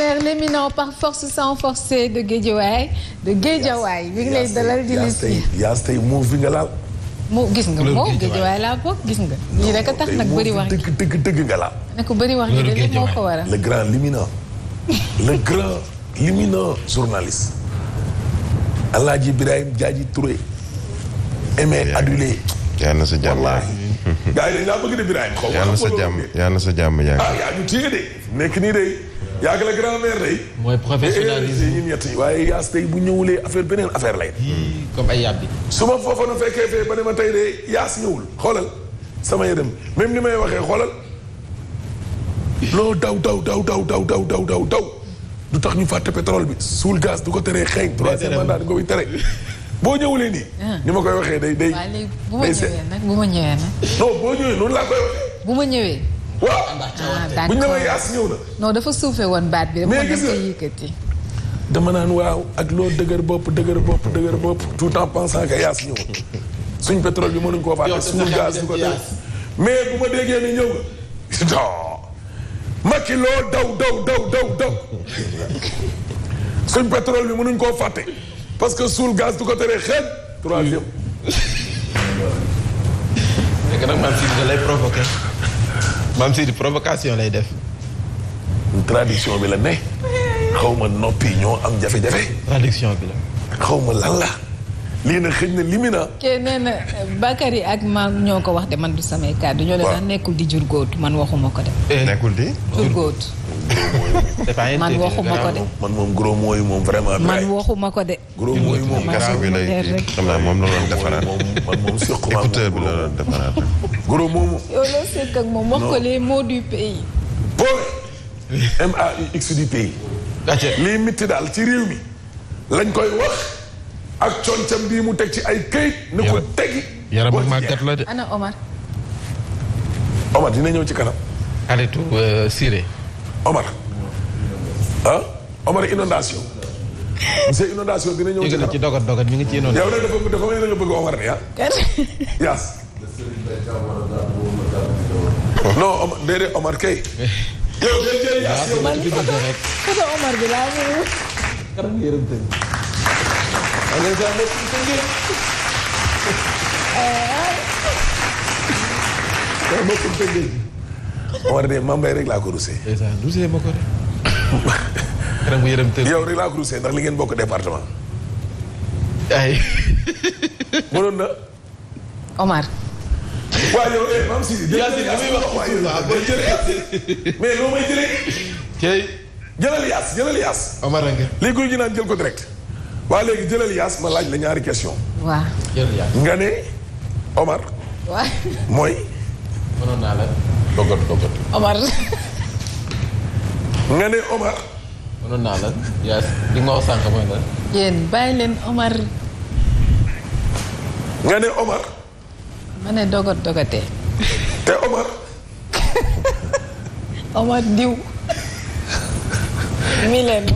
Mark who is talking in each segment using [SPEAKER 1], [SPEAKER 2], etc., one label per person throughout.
[SPEAKER 1] maire l'éminent par force sans forcer de Guédiawaye de Guédiawaye mi ngi lay dalal di la si yaas tey moo fi nga laal moo gis nga moo Guédiawaye laa bokk gis nga lii rek a tax nag bëri wax dëgg dëgg dëgg nga laal ne ko bëri wax ngi moo ko waral le grand l'éminent le grand l'éminent journaliste Alaaji Ibrahim Diadji Touré aimé adulé yaa na sa jàmm yaa ngi lay bëgg de Birahim. xaw ma la ko yaa na sa jàmm yaa na ah, sa jàmm yaa ngi. ah yaa ñu téye de nekk nii de. yàgg ngi la grand-mère day. ñett yi waaye yaas tey bu ñëwulee affaire beneen affaire lay. comme ay yàbbi. su ma foofa na fekkee fee ba ne ma tey de yaas ñëwul xoolal sama yaram même ni may waxee xoolal loo daw daw daw daw daw daw daw daw daw du tax ñu fàtte pétrole bi suul gaz du ko teree xeeñ. troisième mandat du ko fi tere. boo ñëwulee nii. Ah. ni ma koy waxee day day. day bu ma ñëwee nag bu ma ñëwee nag. boo ñëwee noonu laa koy waxee. bu ma ñëwee. waaw ah, bu ñu demee ñëw na. non dafa suufee woon baat bi. mais gis nga yëkkati. dama naan waaw ak loo dëgër bopp dëgër bopp dëgër bopp tout en pensant que yaas ñëw suñ pétrole bi mënuñ koo fàtte suñu gaz bi ko mais bu ma déggee ni ñëw nga non Macky loo daw daw daw daw daw koo fàtte parce que suul gaz du ko teree xeet troisième. léegi nag man fii nga lay provoquer. maam Seydi provocation lay def. traduction bi la ne. xaw ma noppi ñoo am jafe-jafe. traduction bi la. xaw ma lan la. lii na xëj na limi na. kee nee na yi ak maam ñoo ko wax de man du samay kàddu. ñoo leen nekkul di jur góot man waxuma ko de. Eh, nekkul di. jur góot. man waxuma ko de man moom gros mooy moom vraiment. man waxuma ko de. gros mooy moom casque bi lay xam naa moom la doon defaraat. man moom surtout écouteur bi la doon defaraat. gros moomu. yow loo sekk ak moom wax ko les mots du pays. pauvre M A du pays. lii mitti daal ci réew mi lañ koy wax ak concam mu teg ci ay këyit. ni ko tegi. yaram yaram màggat de. ana Omar. Omar dina ñëw ci kanam. Aliou euh, Siré. Omar ah Omar inondation monsieur inondation dina ñëw. ci dogat dogat ñu ngi ci inondation. yow nag dafa dafa mel nga bëgg Omar de ah. yaas. non Omar déedéet Omar Omar bi Omar de Mame Mbaye rek laa ko rusee. ndeysaan rusee ko de. yow rek laa ko rusee ndax li ngeen bokk département. ay. mënoon na. Omar. waaw yow eh jëlal yaas jëlal yaas. Omar Rangue. lii jël ko direct. waa léegi jëlal yaas ma laaj la ñaari question waaw jëlal yaas nga ne Omar. mooy. dogat dogat. Omar. nga ne Omar. naa la yaa nga sànq mooy bàyyi leen Omar. nga ne ma ne dogat dogatee. te Omar. Omar diw. Milenu.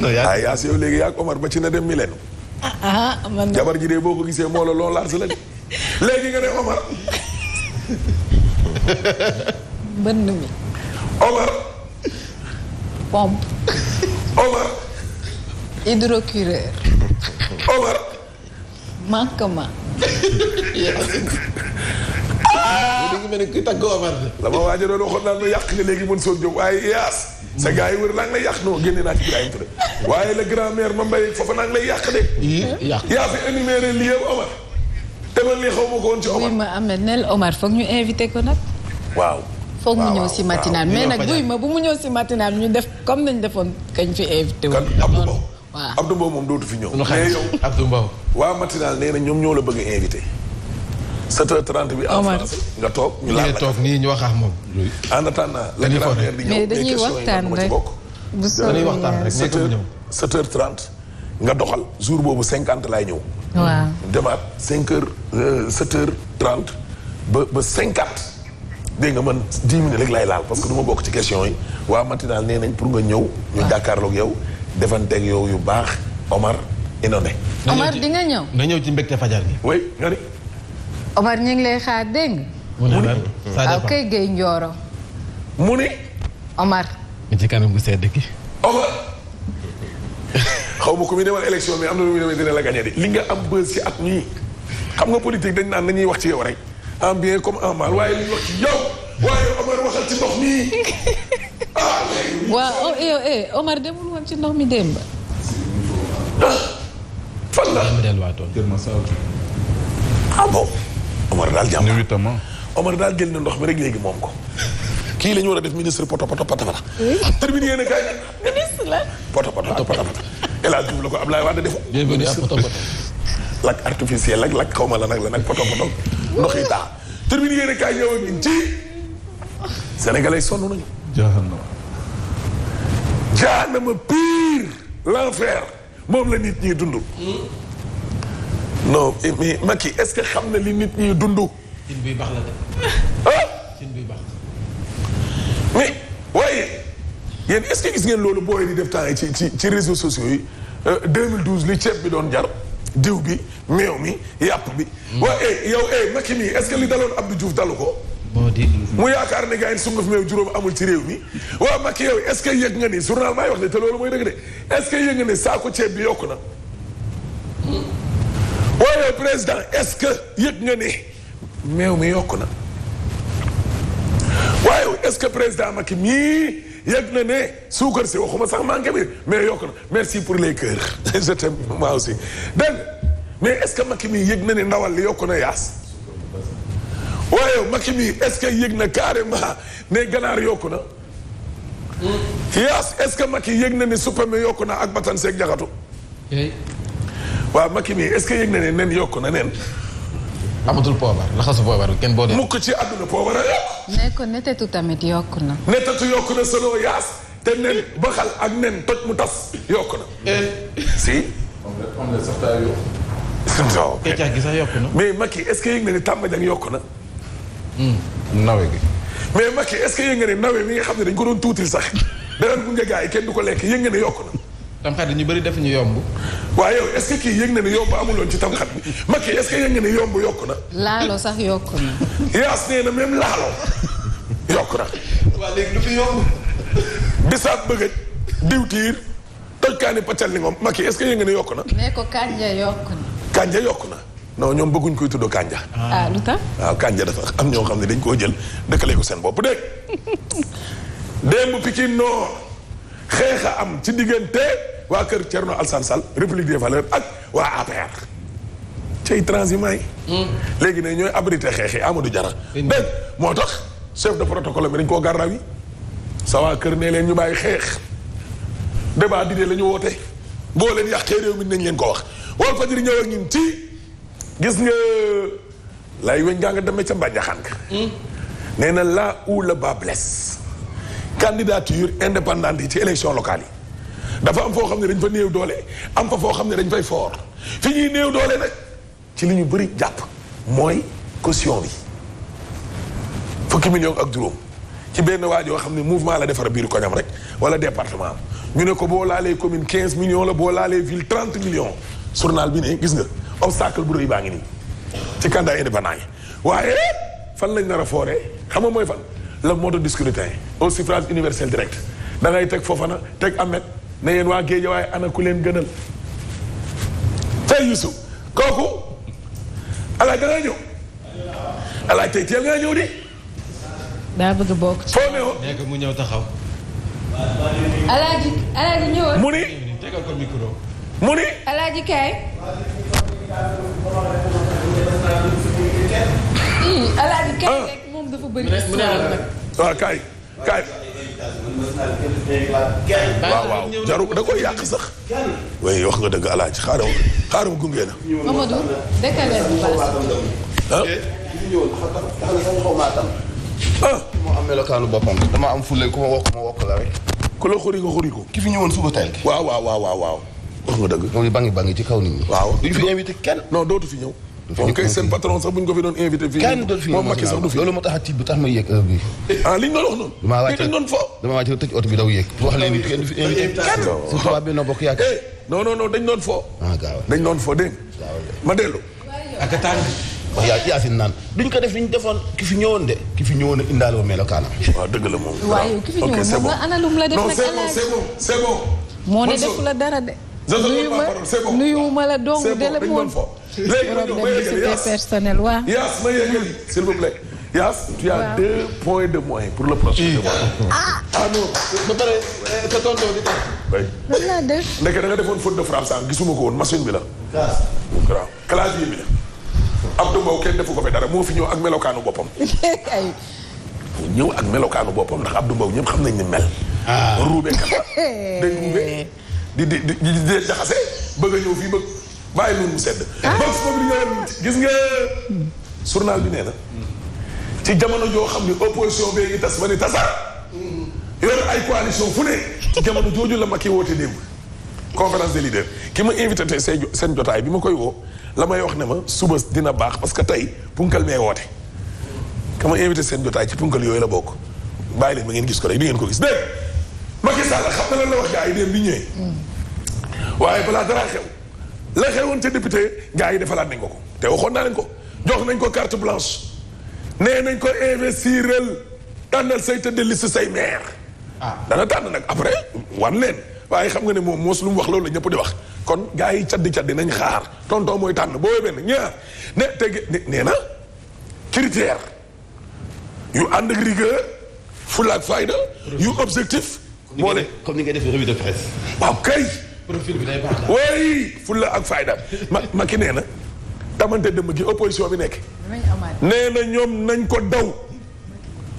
[SPEAKER 1] non yaa yaa si yow léegi yaa Omar ba ci na dem Milenu. Ah, ah, jabar ji de boo ko gisee moo la lool laas la de léegi nga ne Omar. mbënd mi. ola. pompe. ola. hydrocureur. ola. manquement. ah. bu dee ki tàggu Omar. la ma waaj a doon waxoon naan ma yàq nga léegi mën soo jóg waaye yaas. sa gars yi wër naa ngi lay yàq non génne naa ci Ibrahima Touré waaye la grand mère ma mbay foofa naa ngi lay yàq de. yàq yaa fi énuméré lii yëpp Omar. te man lii xaw ma ko woon ci Omar. oui ma Ahmed nel Omar foog ñu invité ko nag. waaw
[SPEAKER 2] foog mu ñëw si matinal mais nag buy ma
[SPEAKER 1] bu mu ñëw si matinal ñu def comme nañ defoon kañ fi invité wu. Abdou Mbow waaw Abdou Mbow moom dootu fi ñëw. mais yow Abdou Mbow. waa matinal nee ñoom ñoo la bëgg a invité. 7h30 bi en France nga toog ñu laal la toog nii ñu wax ak moom. en attendant la grand mère di ñëw mais dañuy waxtaan rek bu soobee yàlla 7h30 nga doxal jour boobu 50 laay ñëw. waaw demaat 5h euh, 7h30 ba ba dégg nga man dix minutes rek lay laal parce que du bokk ci question yi waa matinal nee nañ pour nga ñëw. ñu jàkkaarloog yow defanteeg yow yu baax Omar inondé. Omar di nga ñëw. nga ñëw ci mbégte fajar gi. oui nga ni. Omar ñu ngi lay xaar dégg nga. saa ah, kay gay njooro. ci kanam gu sedd gi. Omar. xaw ma ko muy demal élection mais am na lu muy demee dina la gagné de li nga am bës ci at ñi xam nga politique dañ naan ñuy wax ci yow rek. en bien comme en mal waaye li ñu wax ci yow waaye Omar waxal ci ndox mi ah léegi. waaw oh, eh, oh eh, Omar demul woon ci ndox mi démb. ah fan la. ah bon Omar daal jàmm ah. Omar daal jël na ndox mi rek léegi moom ko. kii la ñu war a def ministre poto poto patapata. terminé yéen a kaay. ministre la. poto poto patapata. El Hadj Diouf la ko Ablaye Wade defu. bienvenue à poto poto. lak artificiel lak lak xaw ma la nag la nag poto poto. ndox yi taa termine yéen a kaay ñëw ak ñun ci sonn nañu. jahannama. jahannama pire l'enfer moom la nit ñi dund. non mais Macky est-ce que xam na li nit ñi dund. cin bi baax la de. Ah? bi baax. mais waaye yéen est-ce que gis ngeen loolu booy di def taa yi ci ci ci réseaux sociaux yi 2012 euh, li ceeb bi doon jar diw bi meew mi yàpp bi. waa eh yow eh Macky mii est-ce que li daloon Abdou Diouf dalu ko. mu yaakaar ne gars yi sunguf meew juróom amul ci réew mi waa Macky yow est-ce que yëg nga ni journal maay wax ne te loolu mooy dëgg de est-ce que yëg nga ni saako ceeb bi yokku na. waa président est-ce que yëg nga ni meew mi yokku na. waaye est-ce que président Macky mii yëg na ne suukar si waxuma sax manqué bi mais yokk na merci pour les cœurs je t'aime moi aussi mais est-ce que Macky mii yëg na ni ndawal li yokku na yaas waaye Macky mii ce que yëg na ma ne ganaar yokku na yaas est-ce que Macky yëg na ne suppame yokku na ak batan seeg jaxatu waaw Macky mii est-ce que yëg na ne nen yokku na nen amatul poobar laxasu poobar boo a yokku. mais kon netetu tamit yokku na. netetu yokku solo yaas te nen baxal ak nen toj mu tas yokku na. Eh. si. non gi sax yokku na. mais Macky est ce que yëg na ni Tamba Dieng yokku na. Hmm. nawe gi. mais Macky est ce que yëg nga nawe mi nga xam ne dañ ko doon tuutil sax danañ gunge gars yi kenn du ko lekk yëg nga ne yokku na. tamxarit ñu bëri def ñu yomb. waaye yow est ce que kii yomb amuloon ci tamxarit bi Macky est ce que yëg nga ne yokku na. laalo sax yokku na. yaas nee na même laalo yokk na. waa léegi lu fi yomb. bisaab bëgg diwtiir tojkaani pàccal ni ngoom Macky est ce yokk na. nee ko kanja yokku na. kanja yokk na non ñoom bëgguñ koy tudd kanja ah lu waaw ah, kanja dafa am ñoo xam ne dañ koo jël dëkkalee ko seen bopp dégg démb Pikine Nord xeex a am ci diggante waa kër Thierno Alassane Sall République ak waa APR cay transhumants yi hmm. léegi ne ñooy abrité xeex yi Amadou Diarra dégg moo tax chef de protocole bi dañ koo garraw yi sa waa kër ne leen ñu bàyyi xeex débat d'idées la lañu woote boo leen yàqee réew mi nañ leen ko wax wal fajiri ñëw ak ñun ci gis nga lay weñ gaa nga demee ca mbànjaxaan ka hmm? nee na là où le bas blesse candidature indépendante yi ci élection locale yi dafa am foo xam ne dañ fa néew doole am fa foo xam ne dañ fay foor fi ñuy néew doole nag ci li ñu bëri jàpp mooy caution bi fukki million ak juróom ci benn waa joo xam ne mouvement la defar biir koñam rek wala département am ñu ne ko boo laalee commune quinze millions la boo laalee ville trente millions journal bi ne gis nga obstacle bu rëy baa ngi nii ci candidat indépendant yi waaye fan lañ nar a fooree xam nga mooy fan le mode de scrutin au suffrage universel direct da ngay teg Fofana teg Ahmed ne yéen waa géej waaye ana ku leen gënal tey Youssou kooku alaaj da ñëw alaaj tey teel nga ñëw di daa bëgg mu ñëw taxaw alaaji mu ni. alaaji kaay. Hmm, alaaji kaay ah. rek moom dafa bëri. waaw kaay kaay. waaw waaw jaru da koy yàq sax. waaye wax nga dëgg alaaji xaaral xaaral gunge na. Mamadou décalage bu baax. ah. ah. moo am melokaanu boppam dama am fulle ku ma wokk ma wokk la rek. ku la xuri ko xuri ko. ki fi ñëwoon suba teel. waaw waaw waaw waaw. wax nga dëgg. mooy bangi bangi ci kaw nit dootu fi ñëw. ñu doon invité. fii kenn dootu fi ñëw moom Macky sax du fi loolu moo tax a tiit bu tax may yëg heure bi ah liñ doon wax noonu. damaa wàcce eh, dañ doon fo. damaa ah, wàcce dañ ko def li ñu defoon ki fi ñëwoon de ki fi ñëwoon a indaale wu melokaanam. waaw dëgg la moom. waaw ok c'est bon waaye ki fi ñëwoon moom la ana lum la def nag. non c'est bon c'est moo ne def la dara de. nuyuma nuyuma la donc délai moom léegi personnel waa. Yaas ma yeggali s'il vous plaît. Yaas tu as deux points de moins pour le prochain ah ah non. ba pare eh, te tonton di tax. lan laa def. ndeke da nga defoon faute de frappe sànq gisuma ko woon machine bi la. classe. waaw clavier bi la. Abdou Mbow kenn defu ko fi dara moo fi ñëw ak melokaanu boppam. ay. ñëw ak melokaanu boppam ndax Abdou Mbow ñëpp xam nañ ni mel. ah ruube kat dañ ruube. di di di di jaxase bëgg a ñëw fii bëgg bàyyi noonu mu sedd. box ah. boobu gis nga journal bi nee na. ci jamono joo xam ni opposition bee ngi tas ba ni tasaar. yor ay coalition fu ne. ci jamono jooju la Macky woote démb. conférence des leaders ki ma invité tey seen jotaay bi ma koy woo la may wax ne ma suba dina baax parce que tey punkal mee woote. ka ma invité seen jotaay ci punkal yooyu la bokk bàyyi leen ma ngeen gis ko rek di ngeen ko gis dégg Macky Sall xam na lan la wax gars yi dem bi waaye balaa dara xew la xewoon ca député gaa yi defalaat nañ ko ko te waxoon naa leen ko jox nañ ko carte blanche nee nañ ko investiral tànnal say tëdd liste say maire. ah dana tànn nag après wan leen waaye xam nga ne moom moos lu mu wax loolu la ñëpp di wax kon gars yi caddi caddi nañ xaar tonton mooy tànn boo benn ñaar ne te nee na critère yu ànd ak rigueur fulla yu objectif. boole comme ni nga def revue de presse. kay. profil bi day baax daal oui fulla ak fayda ma ma ki nee na. tamante dëmm gi opposition bi nekk. nee na ñoom nañ ko daw.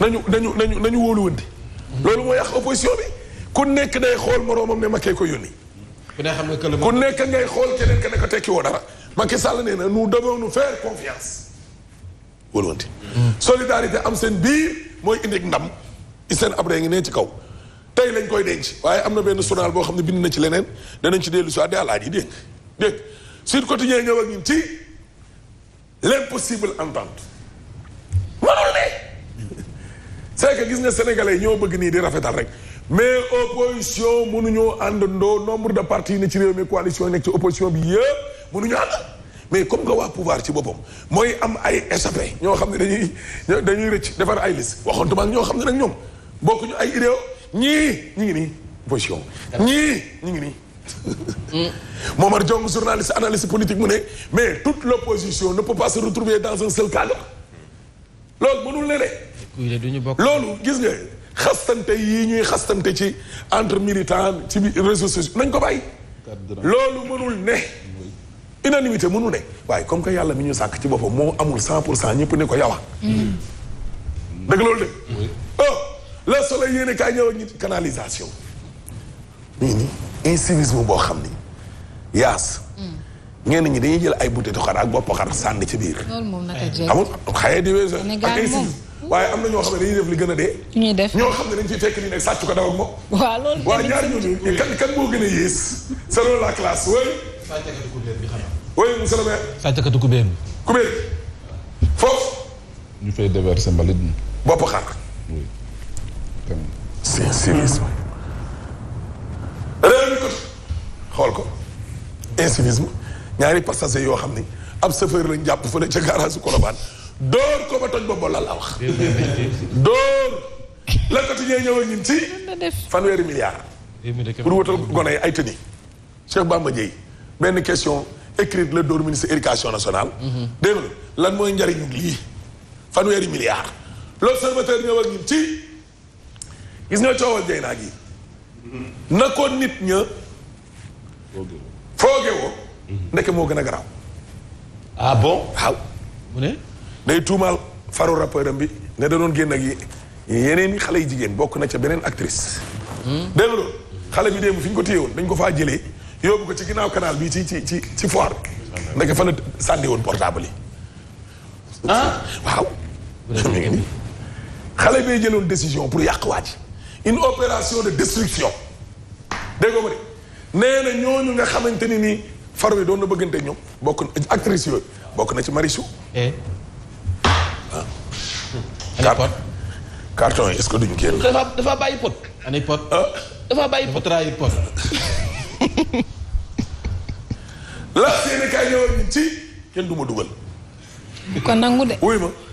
[SPEAKER 1] nañu nañu nañu nañu wóoluwante. loolu moo yàq opposition bi ku nekk day xool moroomam ne ma kee ko yónni. ku nekk ngay xool keneen ka ne ko tekki woo dara. Macky Sall nee na nu devons nous faire confiance. wóoluwante. Hmm. solidarité am seen biir mooy indi ndam. Hissène Habré ngi nee ci kaw. tey lañ koy denc waaye am na benn journal boo xam ne bind na ci leneen danañ ci dellu si waat di àllaaji dégg dégg Sud Quotidien ñëw ak ci l'impossible entente manul ne c'est que gis nga sénégalais ñoo bëgg nii di rafetal rek mais opposition mënuñoo àndandoo nombre de partis ne ci réew mi coalition nekk ci opposition bi yëpp mënuñoo ànd mais comme que waa pouvoir ci boppam mooy am ay échappé ñoo xam ne dañuy dañuy rëcc defar ay liste waxantuma ak ñoo xam ne nag ñoom ñii ñu ngi nii position ñii ñu ngi nii mm. Momar Diong journaliste analyste politique mu ne mais toute l'opposition ne peut pas se retrouver dans un seul cadre loolu mënul ne de loolu gis nga xastante yii ñuy xastante ci entre militants ci réseaux sociaux nañ ko bàyyi loolu mënul ne unanimité mënul ne waaye comme que yàlla mi ñu sàkk ci boppam moo amul cent pour cent ñëpp ne ko yawa mm. loolu de oh! le soleil yéen kaay ñëw ak ñi canalisation ñii ni incivisme boo xam ni yaas mm. ñenn ñi dañuy jël ay butéelu xar ak bopp xar sànni ci biir. loolu moom naka jeex amul xaye di weesu waaye am na ñoo xam ne dañuy def li gën a dee. ñoo xam ne dañ ciy fekk nii nag sàcc ko daw ak moom. waaw loolu tamit waaw ñaar ñooñu kan kan moo gën a yées. c'est loolu la classe oui. sàccakatu kubéen bi xam nga. oui monsieur le maire. sàccakatu kubéen. kubéen foofu. ñu fay déverser mbalit mi. bopp xar. civisme réew mi ko xool ko incivisme ñaari passager yoo xam ni ab chauffeur lañ jàpp fële ca garage Colobane dóor ko ba toj boobu la la wax dóor la ko tiñee ñëw a ci fanweeri milliard pour wutal gone yi ay tëni Cheikh Bamba Dièye benn question écrite la dóor ministre éducation nationale dégg lan mooy njariñu lii fanweeri milliard l'observateur ñëw ak ñun ci gis nga coowal jëy naa gi na ko nit ña foogee woo ndeke moo gën a garaaw ah bon waaw mu ne day tuumaal faru rappeur am bi ne da doon génn ak yeneen i xale yi jigéen bokk na ca beneen actrice hmm? dégg nga xale bi démb fi ñu ko téye woon dañ ko fa jëlee yóbbu ko ci ginnaaw kanaal bi ci ci ci ci foire ndeke fa la sànni woon portable yi ah waaw xale bee jëloon décision pour yàq waa ji une opération de destruction dégg nga nee na ñooñu nga xamante ni nii faro yi doon na bëggante ñoom bokk na actrice yooyu bokk na ci Marichou. Eh? ah. Hmm. carton ce que duñ génn. dafa dafa bàyyi pot. ani pot. Ah. dafa bàyyi pot la yéen a kaay ñëwoon ci kenn du dugal. du ko nangu de. wuy